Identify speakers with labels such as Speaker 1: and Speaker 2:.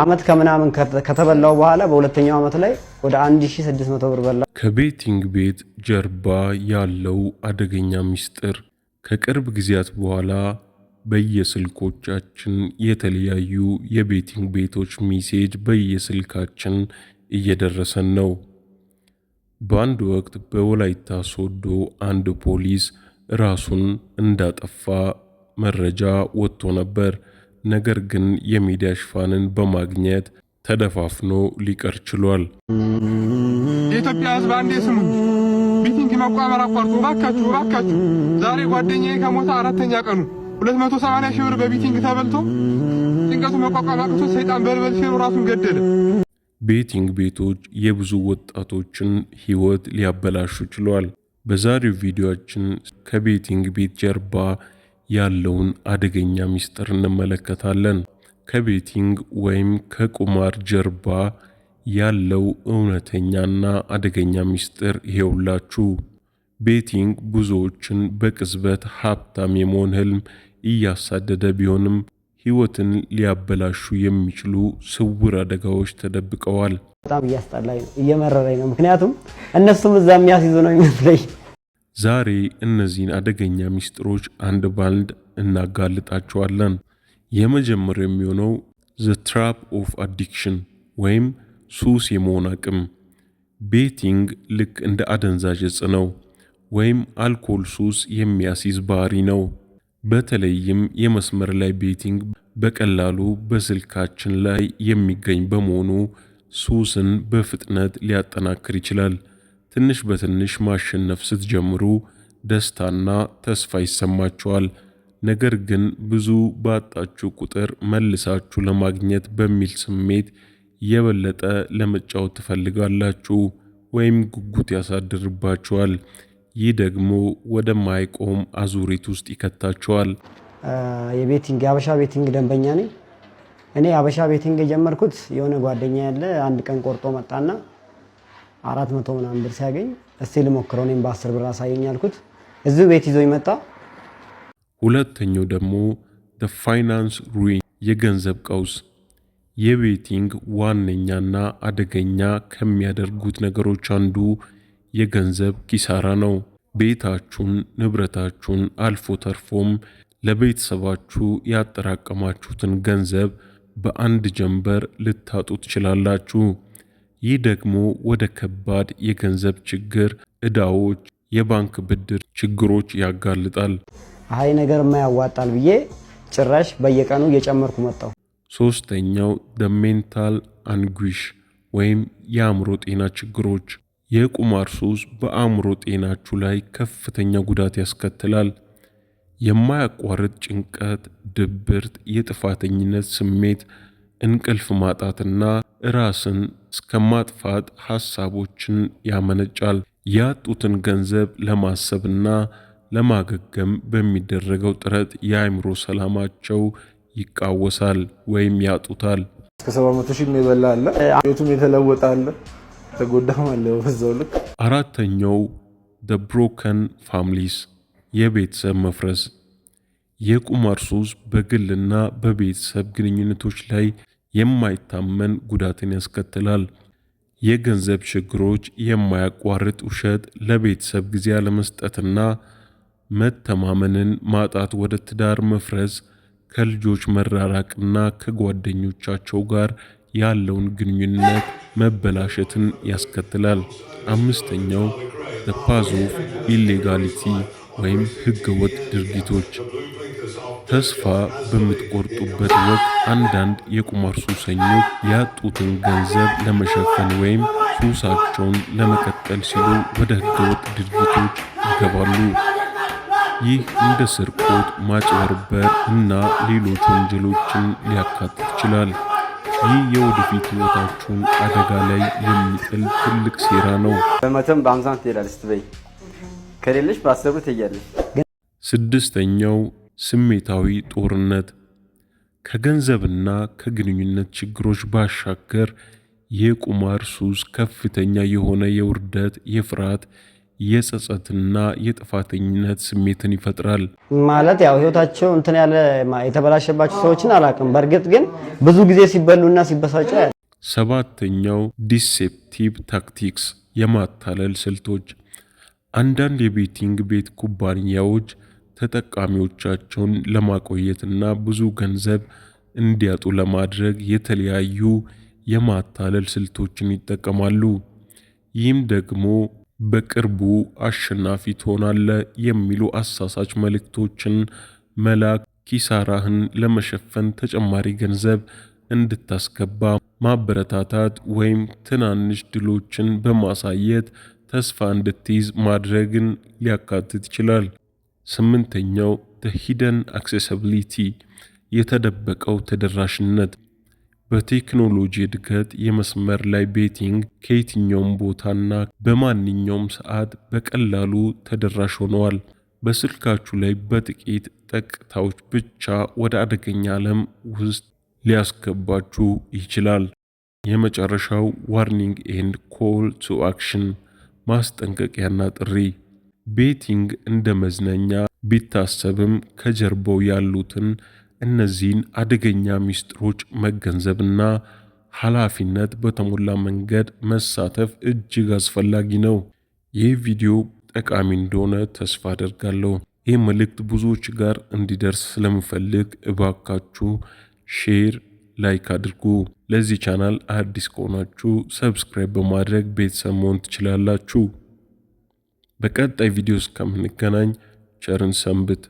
Speaker 1: አመት ከምናምን ከተበላው በኋላ በሁለተኛው አመት ላይ ወደ 1600 ብር በላ።
Speaker 2: ከቤቲንግ ቤት ጀርባ ያለው አደገኛ ሚስጥር ከቅርብ ጊዜያት በኋላ በየስልኮቻችን የተለያዩ የቤቲንግ ቤቶች ሚሴጅ በየስልካችን እየደረሰን ነው። በአንድ ወቅት በወላይታ ሶዶ አንድ ፖሊስ ራሱን እንዳጠፋ መረጃ ወጥቶ ነበር። ነገር ግን የሚዲያ ሽፋንን በማግኘት ተደፋፍኖ ሊቀር ችሏል።
Speaker 1: የኢትዮጵያ ሕዝብ አንዴ ስሙ። ሚቲንግ መቋመር አቋርጡ ባካችሁ፣ ባካችሁ። ዛሬ ጓደኛዬ ከሞተ አራተኛ ቀኑ 280 ሺህ ብር በቢቲንግ ተበልቶ ጭንቀቱ መቋቋም አቅቶ ሰይጣን በልበል ሲሉ ራሱን ገደለ።
Speaker 2: ቤቲንግ ቤቶች የብዙ ወጣቶችን ሕይወት ሊያበላሹ ችለዋል። በዛሬው ቪዲዮአችን ከቤቲንግ ቤት ጀርባ ያለውን አደገኛ ምስጢር እንመለከታለን። ከቤቲንግ ወይም ከቁማር ጀርባ ያለው እውነተኛና አደገኛ ምስጢር ይሄውላችሁ። ቤቲንግ ብዙዎችን በቅጽበት ሀብታም የመሆን ህልም እያሳደደ ቢሆንም ህይወትን ሊያበላሹ የሚችሉ ስውር አደጋዎች ተደብቀዋል።
Speaker 1: በጣም እያስጠላኝ ነው፣ እየመረረኝ ነው። ምክንያቱም እነሱም እዛ የሚያስይዙ ነው ይመስለኝ
Speaker 2: ዛሬ እነዚህን አደገኛ ሚስጥሮች አንድ ባንድ እናጋልጣቸዋለን። የመጀመሪያው የሚሆነው ዘ ትራፕ ኦፍ አዲክሽን ወይም ሱስ የመሆን አቅም። ቤቲንግ ልክ እንደ አደንዛዥ እጽ ነው ወይም አልኮል ሱስ የሚያስይዝ ባህሪ ነው። በተለይም የመስመር ላይ ቤቲንግ በቀላሉ በስልካችን ላይ የሚገኝ በመሆኑ ሱስን በፍጥነት ሊያጠናክር ይችላል። ትንሽ በትንሽ ማሸነፍ ስትጀምሩ ደስታና ተስፋ ይሰማችኋል። ነገር ግን ብዙ ባጣችሁ ቁጥር መልሳችሁ ለማግኘት በሚል ስሜት የበለጠ ለመጫወት ትፈልጋላችሁ ወይም ጉጉት ያሳድርባችኋል። ይህ ደግሞ ወደማይቆም አዙሪት ውስጥ ይከታችኋል።
Speaker 1: የቤቲንግ የአበሻ ቤቲንግ ደንበኛ ነኝ። እኔ የአበሻ ቤቲንግ የጀመርኩት የሆነ ጓደኛ ያለ አንድ ቀን ቆርጦ መጣና አራት መቶ ምናምን ብር ሲያገኝ እስቲ ልሞክረው እኔም በአስር ብር አሳየኝ አልኩት። እዚሁ ቤት ይዞ ይመጣ!
Speaker 2: ሁለተኛው ደግሞ ፋይናንስ ሩዊን የገንዘብ ቀውስ የቤቲንግ ዋነኛና አደገኛ ከሚያደርጉት ነገሮች አንዱ የገንዘብ ኪሳራ ነው። ቤታችሁን፣ ንብረታችሁን አልፎ ተርፎም ለቤተሰባችሁ ያጠራቀማችሁትን ገንዘብ በአንድ ጀንበር ልታጡ ትችላላችሁ። ይህ ደግሞ ወደ ከባድ የገንዘብ ችግር፣ እዳዎች፣ የባንክ ብድር ችግሮች ያጋልጣል።
Speaker 1: አይ ነገር ያዋጣል ብዬ ጭራሽ በየቀኑ እየጨመርኩ መጣው!
Speaker 2: ሶስተኛው ደሜንታል አንጉሽ ወይም የአእምሮ ጤና ችግሮች። የቁማር ሱስ በአእምሮ ጤናችሁ ላይ ከፍተኛ ጉዳት ያስከትላል። የማያቋርጥ ጭንቀት፣ ድብርት፣ የጥፋተኝነት ስሜት፣ እንቅልፍ ማጣትና ራስን እስከ ማጥፋት ሐሳቦችን ያመነጫል። ያጡትን ገንዘብ ለማሰብና ለማገገም በሚደረገው ጥረት የአእምሮ ሰላማቸው ይቃወሳል ወይም ያጡታል።
Speaker 1: እስከ 700 ሺህ የበላ አለ፣ ቤቱም የተለወጠ አለ፣ ተጎዳም አለ በዛው ልክ።
Speaker 2: አራተኛው ደ ብሮከን ፋሚሊስ የቤተሰብ መፍረስ የቁማር ሱስ በግልና በቤተሰብ ግንኙነቶች ላይ የማይታመን ጉዳትን ያስከትላል። የገንዘብ ችግሮች፣ የማያቋርጥ ውሸት፣ ለቤተሰብ ጊዜ አለመስጠትና መተማመንን ማጣት ወደ ትዳር መፍረስ፣ ከልጆች መራራቅና ከጓደኞቻቸው ጋር ያለውን ግንኙነት መበላሸትን ያስከትላል። አምስተኛው ዘ ፓዝ ኦፍ ኢሌጋሊቲ ወይም ህገወጥ ድርጊቶች ተስፋ በምትቆርጡበት ወቅት አንዳንድ የቁማር ሱሰኞች ያጡትን ገንዘብ ለመሸፈን ወይም ሱሳቸውን ለመቀጠል ሲሉ ወደ ህገወጥ ድርጊቶች ይገባሉ። ይህ እንደ ስርቆት፣ ማጭበርበር እና ሌሎች ወንጀሎችን ሊያካትት ይችላል። ይህ የወደፊት ህይወታችሁን አደጋ ላይ የሚጥል ትልቅ ሴራ ነው።
Speaker 1: በመተም በአምሳም ትሄዳለች፣ ስትበይ ከሌለች በአስር ብር ትሄጃለች።
Speaker 2: ስድስተኛው ስሜታዊ ጦርነት ከገንዘብና ከግንኙነት ችግሮች ባሻገር የቁማር ሱስ ከፍተኛ የሆነ የውርደት፣ የፍርሃት፣ የጸጸትና የጥፋተኝነት ስሜትን ይፈጥራል።
Speaker 1: ማለት ያው ህይወታቸው እንትን ያለ የተበላሸባቸው ሰዎችን አላውቅም። በእርግጥ ግን ብዙ ጊዜ ሲበሉና ሲበሳጩ ያለ።
Speaker 2: ሰባተኛው ዲሴፕቲቭ ታክቲክስ የማታለል ስልቶች አንዳንድ የቤቲንግ ቤት ኩባንያዎች ተጠቃሚዎቻቸውን ለማቆየትና ብዙ ገንዘብ እንዲያጡ ለማድረግ የተለያዩ የማታለል ስልቶችን ይጠቀማሉ። ይህም ደግሞ በቅርቡ አሸናፊ ትሆናለህ የሚሉ አሳሳች መልእክቶችን መላክ ኪሳራህን ለመሸፈን ተጨማሪ ገንዘብ እንድታስገባ ማበረታታት ወይም ትናንሽ ድሎችን በማሳየት ተስፋ እንድትይዝ ማድረግን ሊያካትት ይችላል። ስምንተኛው ሂደን አክሴሰብሊቲ የተደበቀው ተደራሽነት በቴክኖሎጂ እድገት የመስመር ላይ ቤቲንግ ከየትኛውም ቦታና በማንኛውም ሰዓት በቀላሉ ተደራሽ ሆነዋል። በስልካችሁ ላይ በጥቂት ጠቅታዎች ብቻ ወደ አደገኛ ዓለም ውስጥ ሊያስገባችሁ ይችላል። የመጨረሻው ዋርኒንግ ኤንድ ኮል ቱ አክሽን ማስጠንቀቂያና ጥሪ ቤቲንግ እንደ መዝናኛ ቢታሰብም ከጀርባው ያሉትን እነዚህን አደገኛ ሚስጥሮች መገንዘብና ኃላፊነት በተሞላ መንገድ መሳተፍ እጅግ አስፈላጊ ነው። ይህ ቪዲዮ ጠቃሚ እንደሆነ ተስፋ አደርጋለሁ። ይህ መልእክት ብዙዎች ጋር እንዲደርስ ስለምፈልግ እባካችሁ ሼር፣ ላይክ አድርጉ። ለዚህ ቻናል አዲስ ከሆናችሁ ሰብስክራይብ በማድረግ ቤተሰብ መሆን ትችላላችሁ። በቀጣይ ቪዲዮ እስከምንገናኝ ቸርን ሰንብት።